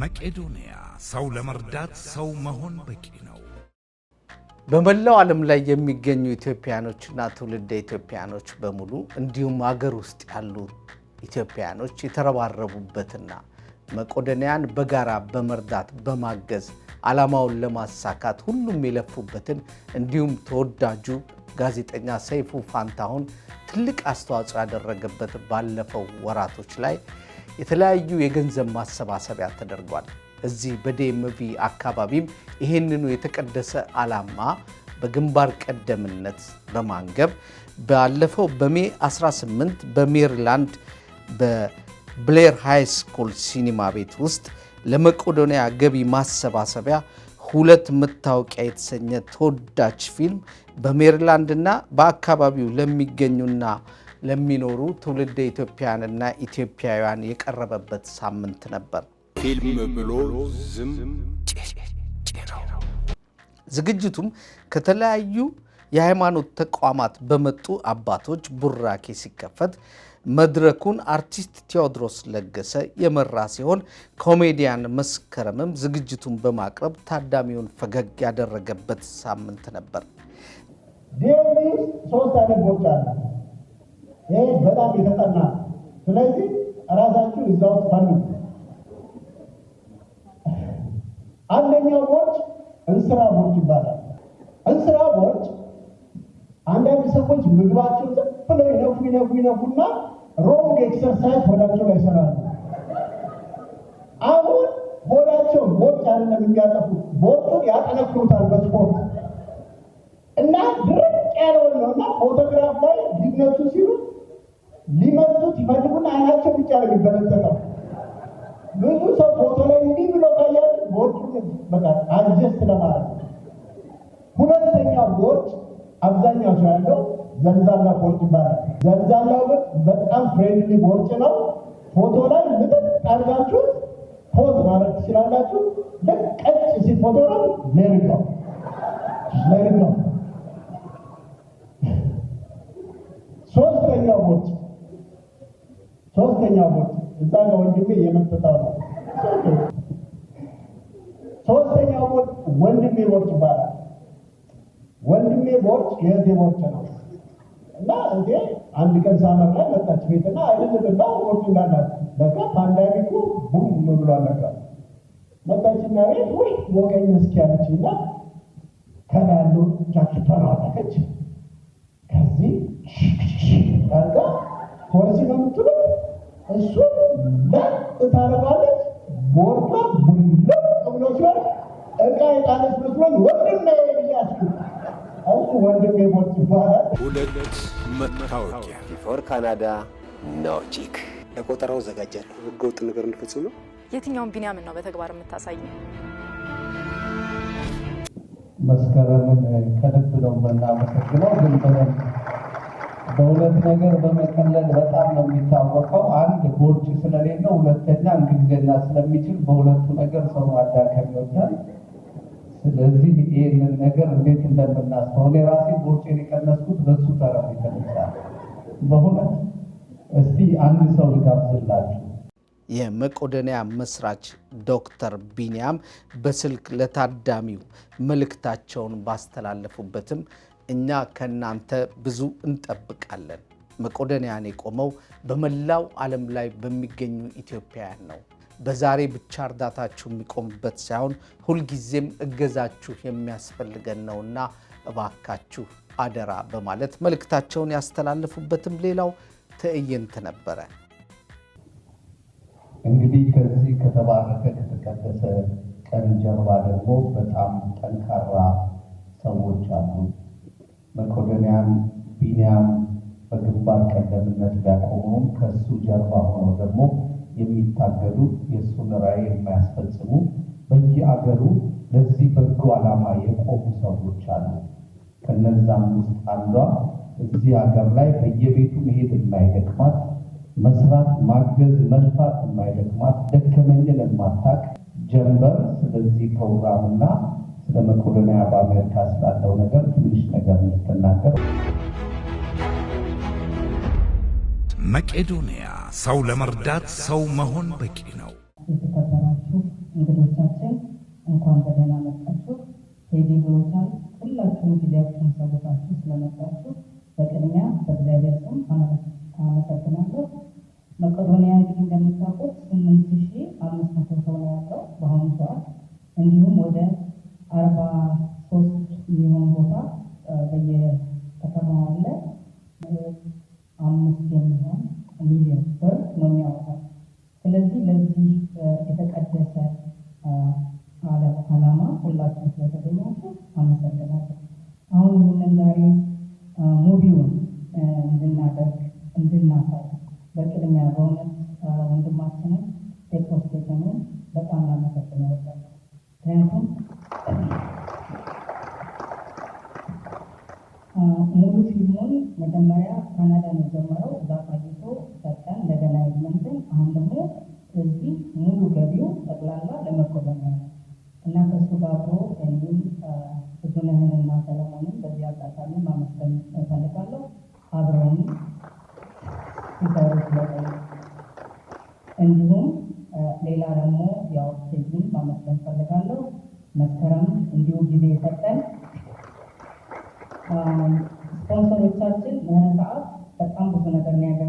መቄዶንያ ሰው ለመርዳት ሰው መሆን በቂ ነው። በመላው ዓለም ላይ የሚገኙ ኢትዮጵያኖችና ትውልደ ኢትዮጵያኖች በሙሉ እንዲሁም አገር ውስጥ ያሉ ኢትዮጵያኖች የተረባረቡበትና መቄዶንያን በጋራ በመርዳት በማገዝ ዓላማውን ለማሳካት ሁሉም የለፉበትን እንዲሁም ተወዳጁ ጋዜጠኛ ሰይፉ ፋንታሁን ትልቅ አስተዋጽኦ ያደረገበት ባለፈው ወራቶች ላይ የተለያዩ የገንዘብ ማሰባሰቢያ ተደርጓል። እዚህ በዲኤምቪ አካባቢም ይህንኑ የተቀደሰ ዓላማ በግንባር ቀደምነት በማንገብ ባለፈው በሜ 18 በሜሪላንድ በብሌር ሃይ ስኩል ሲኒማ ቤት ውስጥ ለመቄዶንያ ገቢ ማሰባሰቢያ ሁለት መታወቂያ የተሰኘ ተወዳጅ ፊልም በሜሪላንድና በአካባቢው ለሚገኙና ለሚኖሩ ትውልደ ኢትዮጵያውያንና ኢትዮጵያውያን የቀረበበት ሳምንት ነበር። ፊልም ብሎ ዝም ዝግጅቱም ከተለያዩ የሃይማኖት ተቋማት በመጡ አባቶች ቡራኬ ሲከፈት መድረኩን አርቲስት ቴዎድሮስ ለገሰ የመራ ሲሆን ኮሜዲያን መስከረምም ዝግጅቱን በማቅረብ ታዳሚውን ፈገግ ያደረገበት ሳምንት ነበር። ሶስት ይህ በጣም የተጠና ስለዚህ እራሳችሁ እዛ ውስጥ ታንቁ። አንደኛው ቦርጭ እንስራ ቦርጭ ይባላል። እንስራ ቦርጭ አንዳንድ ሰዎች ምግባቸውን ዝም ብለው ይነፉ ይነፉ ይነፉና ሮንግ ኤክሰርሳይዝ ሆዳቸው ላይ ይሰራሉ። አሁን ሆዳቸውን ቦርጭ አይደለም የሚያጠፉት፣ ቦርጩን ያጠነክሩታል በስፖርት እና ድርቅ ያለውን ነው እና ፎቶግራፍ ላይ ሊነሱ ሲሉ ሊመጡት ይፈልጉና አይናቸው ብቻ ነው የሚበለጠጠው። ብዙ ሰው ፎቶ ላይ እንዲህ ብሎ ካያል ቦርጭ በቃ አጀስት ለማለት ሁለተኛ ቦርጭ አብዛኛው ሰው ያለው ዘንዛላ ቦርጭ ይባላል። ዘንዛላው ግን በጣም ፍሬንድሊ ቦርጭ ነው። ፎቶ ላይ ምጥጥ አድርጋችሁት ፖዝ ማለት ትችላላችሁ። ለቀጭ ቀጭ ሲል ፎቶ ነው ለርጋው ለርጋው ሶስተኛው ቦርጭ ሶስተኛው ሞት እዛ ጋር ወንድሜ የመጠጣው ነው። ሶስተኛው ሞት ወንድሜ ቦርጭ ይባላል። ወንድሜ ቦርጭ የህዜ ቦርጭ ነው እና እንዴ አንድ ቀን ሳመር ላይ መጣች ቤትና አይደለምና ቦርጭ እንዳላት በቃ ፓንዳሚኩ ቡም ብሎ አለቃል መጣችና ቤት ወይ ወቀኝ እስኪ ያለች እና ከላሉ ጃኬቷን አወጣች ከዚህ አርጋ ፖሊሲ ነው የምትሉት እሱ ታረጋለች ቦርቷ ቡሎ ብሎ ሲሆን እቃ የጣለች መስሎኝ ወንድሜ ብያስ እሱ ወንድሜ ቦርት ይባላል። ሁለት መታወቂያ ፎር ካናዳ ነው ለቆጠራው ዘጋጃለሁ። ህገወጥ ነገር እንድፈጽም ነው። የትኛውን ቢንያምን ነው በተግባር የምታሳይ? መስከረምን ከልብ ነው መናመሰግነው ግን በሁለት ነገር በመቀለል በጣም ነው የሚታወቀው። አንድ ቦርጭ ስለሌለው፣ ሁለተኛ እንግሊዝኛ ስለሚችል በሁለቱ ነገር ሰው አዳከም ይወዳል። ስለዚህ ይህንን ነገር እንዴት እንደምናስተው እኔ ራሴ ቦርጬን የቀነስኩት በሱ ተረት የተነሳ በሁለት እስቲ አንድ ሰው ልጋብዝላችሁ። የመቄዶንያ መስራች ዶክተር ቢንያም በስልክ ለታዳሚው መልእክታቸውን ባስተላለፉበትም እኛ ከእናንተ ብዙ እንጠብቃለን። መቄዶንያን የቆመው በመላው ዓለም ላይ በሚገኙ ኢትዮጵያውያን ነው። በዛሬ ብቻ እርዳታችሁ የሚቆምበት ሳይሆን ሁልጊዜም እገዛችሁ የሚያስፈልገን ነውና እባካችሁ አደራ በማለት መልእክታቸውን ያስተላለፉበትም ሌላው ትዕይንት ነበረ። እንግዲህ ከዚህ ከተባረከ ከተቀደሰ ቀን ጀርባ ደግሞ በጣም ጠንካራ ሰዎች አሉ። መቄዶንያን ቢንያም በግንባር ቀደምነት ቢያቆሙም ከእሱ ጀርባ ሆነው ደግሞ የሚታገዱ የእሱን ራዕይ የማያስፈጽሙ በየአገሩ ለዚህ በጎ ዓላማ የቆሙ ሰዎች አሉ። ከነዛም ውስጥ አንዷ እዚህ ሀገር ላይ በየቤቱ መሄድ የማይደክማት መስራት፣ ማገዝ፣ መልፋት የማይደክማት ደከመኝን የማታውቅ ጀንበር ስለዚህ ፕሮግራምና ስለ መቄዶንያ በአሜሪካ ስላለው ነገር ትንሽ ነገር እንድትናገር። መቄዶንያ ሰው ለመርዳት ሰው መሆን በቂ ነው። የተከበራችሁ እንግዶቻችን እንኳን በደህና መጣችሁ። ቴዲ ብሎታል። ሁላችሁም ጊዜያችሁን ሰውታችሁ ስለመጣችሁ በቅድሚያ በእግዚአብሔር ስም አመሰግናለሁ። መቄዶንያ እንግዲህ እንደምታውቁት ስምንት ሺህ አምስት መቶ ሰው ነው ያለው በአሁኑ ሰዓት እንዲሁም ወደ Araba ሙሉ ፊልሙን መጀመሪያ ካናዳ ነው የጀመረው እዛ Sponsor Richard Cid mohon maaf terkampus menakarnya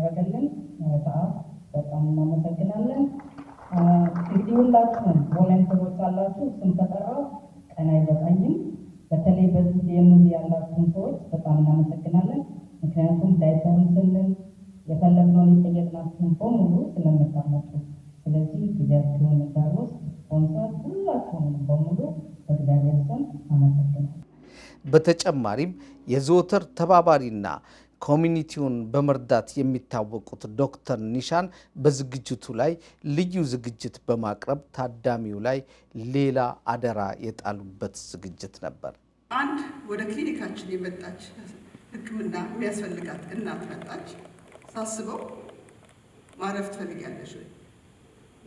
በተጨማሪም የዘወትር ተባባሪና ኮሚኒቲውን በመርዳት የሚታወቁት ዶክተር ኒሻን በዝግጅቱ ላይ ልዩ ዝግጅት በማቅረብ ታዳሚው ላይ ሌላ አደራ የጣሉበት ዝግጅት ነበር። አንድ ወደ ክሊኒካችን የመጣች ሕክምና የሚያስፈልጋት እናት መጣች። ሳስበው ማረፍ ትፈልጊያለሽ ወይ?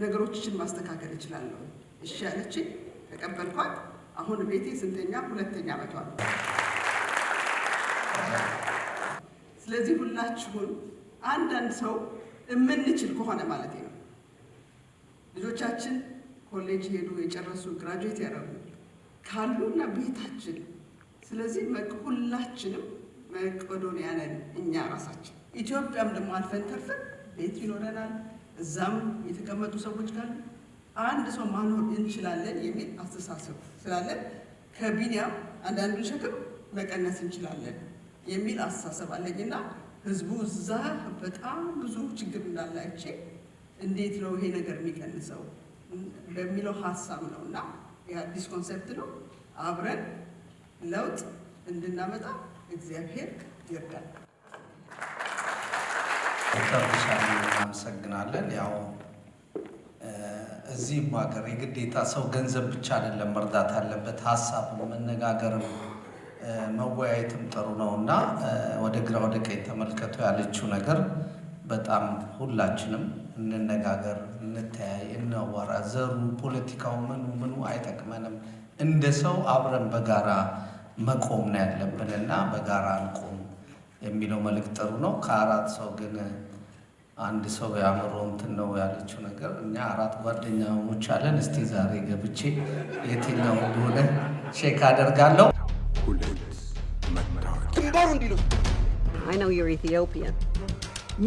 ነገሮችን ማስተካከል እችላለሁ እሺ ያለችኝ፣ ተቀበልኳት። አሁን ቤቴ ስንተኛ ሁለተኛ ዓመቷ ስለዚህ ሁላችሁን አንዳንድ ሰው የምንችል ከሆነ ማለት ነው ልጆቻችን ኮሌጅ ሄዱ የጨረሱ ግራጁዌት ያደረጉ ካሉና ቤታችን ስለዚህ ሁላችንም መቄዶንያ ነን እኛ ራሳችን። ኢትዮጵያም ደግሞ አልፈን ተርፈን ቤት ይኖረናል። እዛም የተቀመጡ ሰዎች ካሉ አንድ ሰው ማኖር እንችላለን የሚል አስተሳሰብ ስላለን ከቢኒያም አንዳንዱን ሸክም መቀነስ እንችላለን የሚል አስተሳሰብ አለኝና ህዝቡ እዛ በጣም ብዙ ችግር እንዳላቸው እንዴት ነው ይሄ ነገር የሚቀንሰው በሚለው ሀሳብ ነው እና የአዲስ ኮንሰፕት ነው። አብረን ለውጥ እንድናመጣ እግዚአብሔር ይርዳል። ዶክተር ብሻ እናመሰግናለን። ያው እዚህም ሀገር የግዴታ ሰው ገንዘብ ብቻ አይደለም መርዳት አለበት። ሀሳብ መነጋገርም መወያየትም ጥሩ ነው እና ወደ ግራ ወደ ቀኝ ተመልከቱ ያለችው ነገር በጣም ሁላችንም እንነጋገር፣ እንተያይ፣ እናወራ። ዘሩ፣ ፖለቲካው፣ ምኑ ምኑ አይጠቅመንም። እንደ ሰው አብረን በጋራ መቆም ነው ያለብን እና በጋራ እንቆም የሚለው መልእክት ጥሩ ነው። ከአራት ሰው ግን አንድ ሰው የአእምሮ እንትን ነው ያለችው ነገር እኛ አራት ጓደኛሞች አለን። እስቲ ዛሬ ገብቼ የትኛው እንደሆነ ቼክ አደርጋለሁ። ግንባሩ ነው።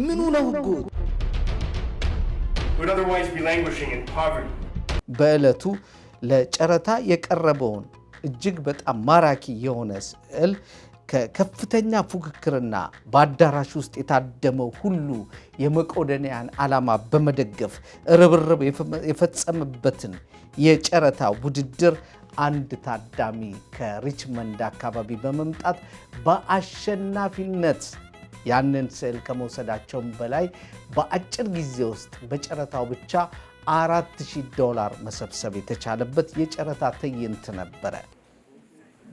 ምኑ ነው ህጉ? በዕለቱ ለጨረታ የቀረበውን እጅግ በጣም ማራኪ የሆነ ስዕል ከከፍተኛ ፉክክርና በአዳራሽ ውስጥ የታደመው ሁሉ የመቄዶንያን ዓላማ በመደገፍ ርብርብ የፈጸመበትን የጨረታ ውድድር አንድ ታዳሚ ከሪችመንድ አካባቢ በመምጣት በአሸናፊነት ያንን ስዕል ከመውሰዳቸውም በላይ በአጭር ጊዜ ውስጥ በጨረታው ብቻ አራት ዶላር መሰብሰብ የተቻለበት የጨረታ ትዕይንት ነበረ።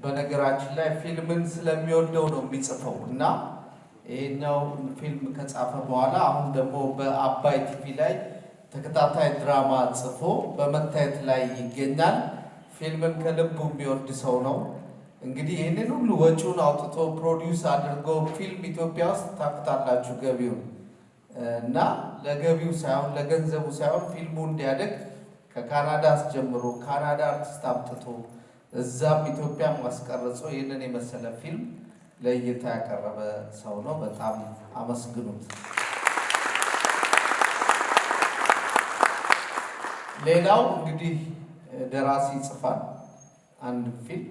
በነገራችን ላይ ፊልምን ስለሚወደው ነው የሚጽፈው እና ይህኛው ፊልም ከጻፈ በኋላ አሁን ደግሞ በአባይ ቲቪ ላይ ተከታታይ ድራማ ጽፎ በመታየት ላይ ይገኛል። ፊልምን ከልቡ የሚወድ ሰው ነው። እንግዲህ ይህንን ሁሉ ወጪውን አውጥቶ ፕሮዲውስ አድርጎ ፊልም ኢትዮጵያ ውስጥ ታፍታላችሁ ገቢውን እና ለገቢው ሳይሆን ለገንዘቡ ሳይሆን ፊልሙ እንዲያደግ ከካናዳ አስጀምሮ ካናዳ አርቲስት አምጥቶ እዛም ኢትዮጵያም አስቀርጾ ይህንን የመሰለ ፊልም ለእይታ ያቀረበ ሰው ነው። በጣም አመስግኑት። ሌላው እንግዲህ ደራሲ ይጽፋል አንድ ፊልም፣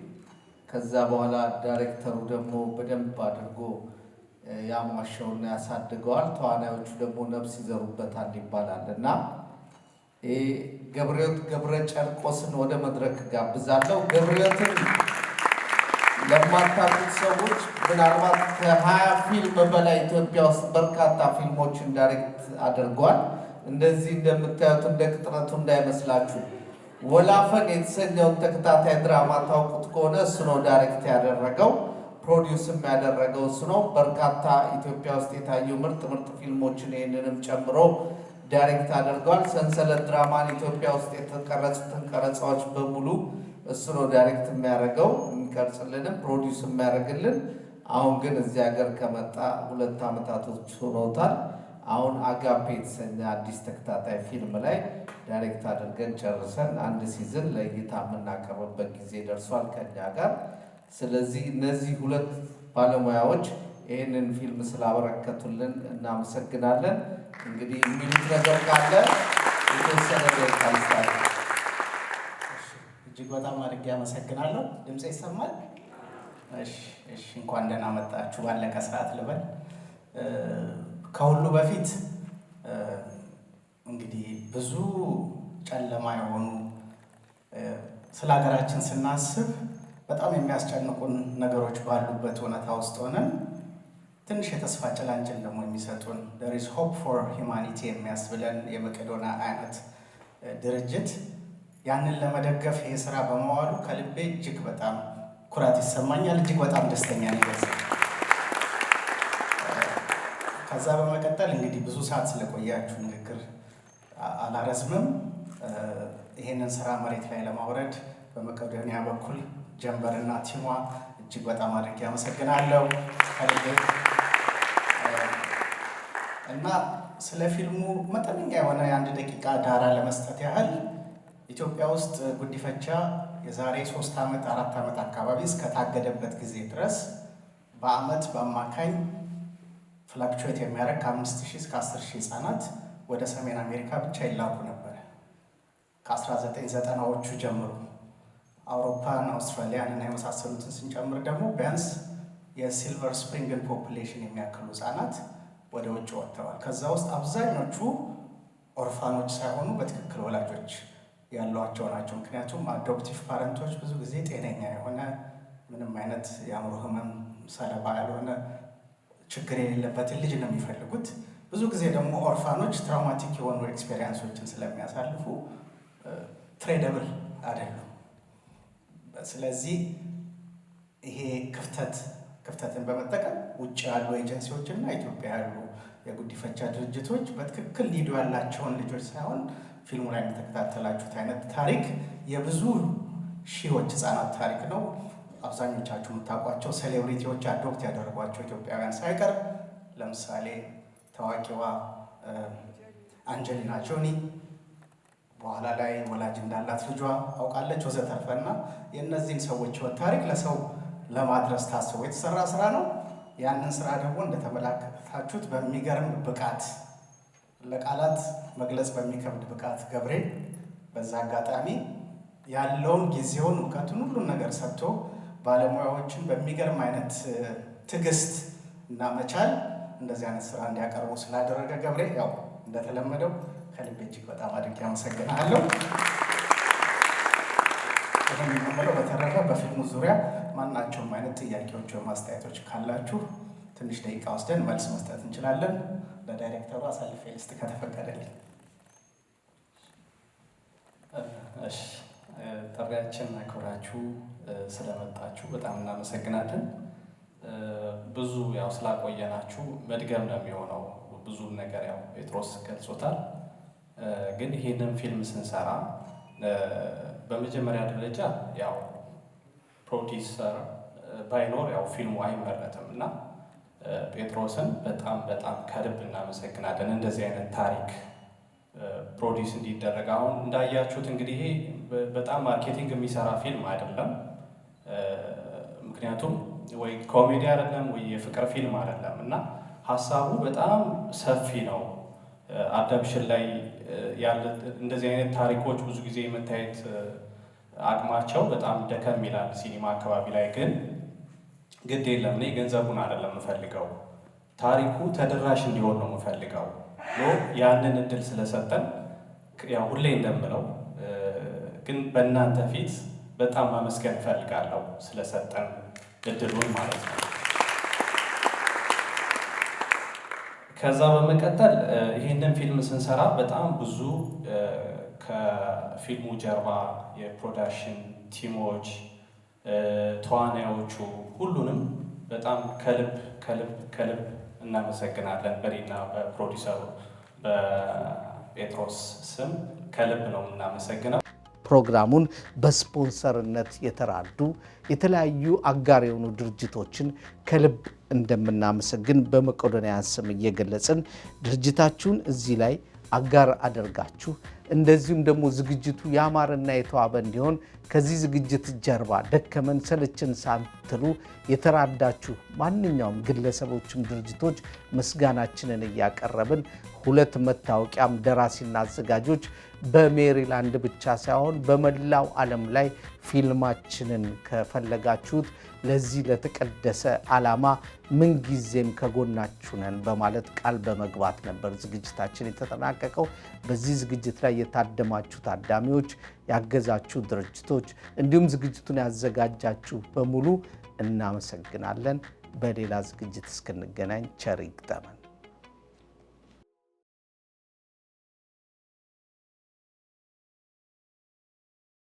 ከዛ በኋላ ዳይሬክተሩ ደግሞ በደንብ አድርጎ ያሟሸውና ያሳድገዋል። ተዋናዮቹ ደግሞ ነፍስ ይዘሩበታል ይባላል እና ገብርዮት ገብረ ጨርቆስን ወደ መድረክ ጋብዛለሁ። ገብርዮትን ለማታውቁት ሰዎች ምናልባት ከሀያ ፊልም በላይ ኢትዮጵያ ውስጥ በርካታ ፊልሞችን ዳይሬክት አድርጓል። እንደዚህ እንደምታዩት እንደ ቅጥረቱ እንዳይመስላችሁ። ወላፈን የተሰኘውን ተከታታይ ድራማ ታውቁት ከሆነ እሱ ነው ዳይሬክት ያደረገው፣ ፕሮዲውስም ያደረገው እሱ ነው። በርካታ ኢትዮጵያ ውስጥ የታዩ ምርጥ ምርጥ ፊልሞችን ይህንንም ጨምሮ ዳይሬክት አድርጓል። ሰንሰለት ድራማን ኢትዮጵያ ውስጥ የተቀረጹትን ቀረጻዎች በሙሉ እሱ ነው ዳይሬክት የሚያደርገው የሚቀርጽልንም ፕሮዲውስ የሚያደርግልን። አሁን ግን እዚህ ሀገር ከመጣ ሁለት ዓመታቶች ሆኖታል። አሁን አጋፔ የተሰኘ አዲስ ተከታታይ ፊልም ላይ ዳይሬክት አድርገን ጨርሰን አንድ ሲዝን ለእይታ የምናቀርብበት ጊዜ ደርሷል ከኛ ጋር። ስለዚህ እነዚህ ሁለት ባለሙያዎች ይህንን ፊልም ስላበረከቱልን እናመሰግናለን። እንግዲህ የሚሉት ነገር ካለ የተወሰነ ታይስታል። እጅግ በጣም አድርጌ አመሰግናለሁ። ድምፅ ይሰማል? እሺ። እንኳን ደህና መጣችሁ ባለቀ ሰዓት ልበል። ከሁሉ በፊት እንግዲህ ብዙ ጨለማ የሆኑ ስለ ሀገራችን ስናስብ በጣም የሚያስጨንቁን ነገሮች ባሉበት እውነታ ውስጥ ሆነን ትንሽ የተስፋ ጭላንጭል ደግሞ የሚሰጡን ዴር ኢዝ ሆፕ ፎር ሂማኒቲ የሚያስብለን የመቄዶና አይነት ድርጅት ያንን ለመደገፍ ይህ ስራ በመዋሉ ከልቤ እጅግ በጣም ኩራት ይሰማኛል። እጅግ በጣም ደስተኛ ነገር ከዛ በመቀጠል እንግዲህ ብዙ ሰዓት ስለቆያችሁ ንግግር አላረዝምም። ይህንን ስራ መሬት ላይ ለማውረድ በመቄዶንያ በኩል ጀንበርና ቲሟ እጅግ በጣም አድርጌ አመሰግናለሁ። እና ስለ ፊልሙ መጠነኛ የሆነ የአንድ ደቂቃ ዳራ ለመስጠት ያህል ኢትዮጵያ ውስጥ ጉዲፈቻ የዛሬ ሶስት ዓመት አራት ዓመት አካባቢ እስከታገደበት ጊዜ ድረስ በአመት በአማካኝ ፍላክቹዌት የሚያደርግ ከ5000 እስከ አስር ህጻናት ወደ ሰሜን አሜሪካ ብቻ ይላኩ ነበረ ከ1990ዎቹ ጀምሮ አውሮፓን አውስትራሊያን እና የመሳሰሉትን ስንጨምር ደግሞ ቢያንስ የሲልቨር ስፕሪንግን ፖፑሌሽን የሚያክሉ ህጻናት ወደ ውጭ ወጥተዋል። ከዛ ውስጥ አብዛኞቹ ኦርፋኖች ሳይሆኑ በትክክል ወላጆች ያሏቸው ናቸው። ምክንያቱም አዶፕቲቭ ፓረንቶች ብዙ ጊዜ ጤነኛ የሆነ ምንም አይነት የአእምሮ ህመም ሰለባ ያልሆነ ችግር የሌለበትን ልጅ ነው የሚፈልጉት። ብዙ ጊዜ ደግሞ ኦርፋኖች ትራውማቲክ የሆኑ ኤክስፔሪንሶችን ስለሚያሳልፉ ትሬደብል አይደሉም። ስለዚህ ይሄ ክፍተት ክፍተትን በመጠቀም ውጭ ያሉ ኤጀንሲዎች እና ኢትዮጵያ ያሉ የጉዲፈቻ ድርጅቶች በትክክል ሊዱ ያላቸውን ልጆች ሳይሆን ፊልሙ ላይ የተከታተላችሁት አይነት ታሪክ የብዙ ሺዎች ህጻናት ታሪክ ነው። አብዛኞቻችሁ የምታውቋቸው ሴሌብሪቲዎች አዶፕት ያደረጓቸው ኢትዮጵያውያን ሳይቀር ለምሳሌ ታዋቂዋ አንጀሊና ጆኒ በኋላ ላይ ወላጅ እንዳላት ልጇ አውቃለች ወዘተርፈና የእነዚህን ሰዎች ህይወት ታሪክ ለሰው ለማድረስ ታስቦ የተሰራ ስራ ነው። ያንን ስራ ደግሞ እንደተመላከታችሁት በሚገርም ብቃት ለቃላት መግለጽ በሚከብድ ብቃት ገብሬ በዛ አጋጣሚ ያለውን ጊዜውን እውቀቱን ሁሉን ነገር ሰጥቶ ባለሙያዎችን በሚገርም አይነት ትዕግስት እና መቻል እንደዚህ አይነት ስራ እንዲያቀርቡ ስላደረገ ገብሬ ያው እንደተለመደው ከልቤ እጅግ በጣም አድርጌ አመሰግናለሁ። ይህ የምንለው በተረፈ በፊልሙ ዙሪያ ማናቸውም አይነት ጥያቄዎች ወይም አስተያየቶች ካላችሁ ትንሽ ደቂቃ ወስደን መልስ መስጠት እንችላለን። ለዳይሬክተሩ አሳልፌ ልስጥ ከተፈቀደልኝ። እሺ፣ ጥሪያችን አክብራችሁ ስለመጣችሁ በጣም እናመሰግናለን። ብዙ ያው ስላቆየናችሁ መድገም ነው የሚሆነው። ብዙ ነገር ያው ጴጥሮስ ገልጾታል። ግን ይህንን ፊልም ስንሰራ በመጀመሪያ ደረጃ ያው ፕሮዲሰር ባይኖር ያው ፊልሙ አይመረትም እና ጴጥሮስን በጣም በጣም ከልብ እናመሰግናለን። እንደዚህ አይነት ታሪክ ፕሮዲስ እንዲደረግ አሁን እንዳያችሁት እንግዲህ በጣም ማርኬቲንግ የሚሰራ ፊልም አይደለም። ምክንያቱም ወይ ኮሜዲ አይደለም ወይ የፍቅር ፊልም አይደለም እና ሀሳቡ በጣም ሰፊ ነው። አዳፕሽን ላይ ያለ እንደዚህ አይነት ታሪኮች ብዙ ጊዜ የመታየት አቅማቸው በጣም ደከም ይላል። ሲኒማ አካባቢ ላይ ግን ግድ የለም እኔ ገንዘቡን አይደለም የምፈልገው፣ ታሪኩ ተደራሽ እንዲሆን ነው የምፈልገው ያንን እድል ስለሰጠን ያው ሁሌ እንደምለው ግን በእናንተ ፊት በጣም ማመስገን እፈልጋለሁ ስለሰጠን እድሉን ማለት ነው። ከዛ በመቀጠል ይህንን ፊልም ስንሰራ በጣም ብዙ ከፊልሙ ጀርባ የፕሮዳክሽን ቲሞች፣ ተዋናዮቹ ሁሉንም በጣም ከልብ ከልብ ከልብ እናመሰግናለን። በኔና በፕሮዲሰሩ በጴጥሮስ ስም ከልብ ነው የምናመሰግነው። ፕሮግራሙን በስፖንሰርነት የተራዱ የተለያዩ አጋር የሆኑ ድርጅቶችን ከልብ እንደምናመሰግን በመቄዶንያን ስም እየገለጽን ድርጅታችሁን እዚህ ላይ አጋር አደርጋችሁ እንደዚሁም ደግሞ ዝግጅቱ ያማረና የተዋበ እንዲሆን ከዚህ ዝግጅት ጀርባ ደከመን ሰለችን ሳትሉ የተራዳችሁ ማንኛውም ግለሰቦችም ድርጅቶች ምስጋናችንን እያቀረብን ሁለት መታወቂያም ደራሲና አዘጋጆች በሜሪላንድ ብቻ ሳይሆን በመላው ዓለም ላይ ፊልማችንን ከፈለጋችሁት ለዚህ ለተቀደሰ ዓላማ ምንጊዜም ከጎናችሁ ነን በማለት ቃል በመግባት ነበር ዝግጅታችን የተጠናቀቀው። በዚህ ዝግጅት ላይ የታደማችሁ ታዳሚዎች፣ ያገዛችሁ ድርጅቶች፣ እንዲሁም ዝግጅቱን ያዘጋጃችሁ በሙሉ እናመሰግናለን። በሌላ ዝግጅት እስክንገናኝ ቸር ይግጠመን።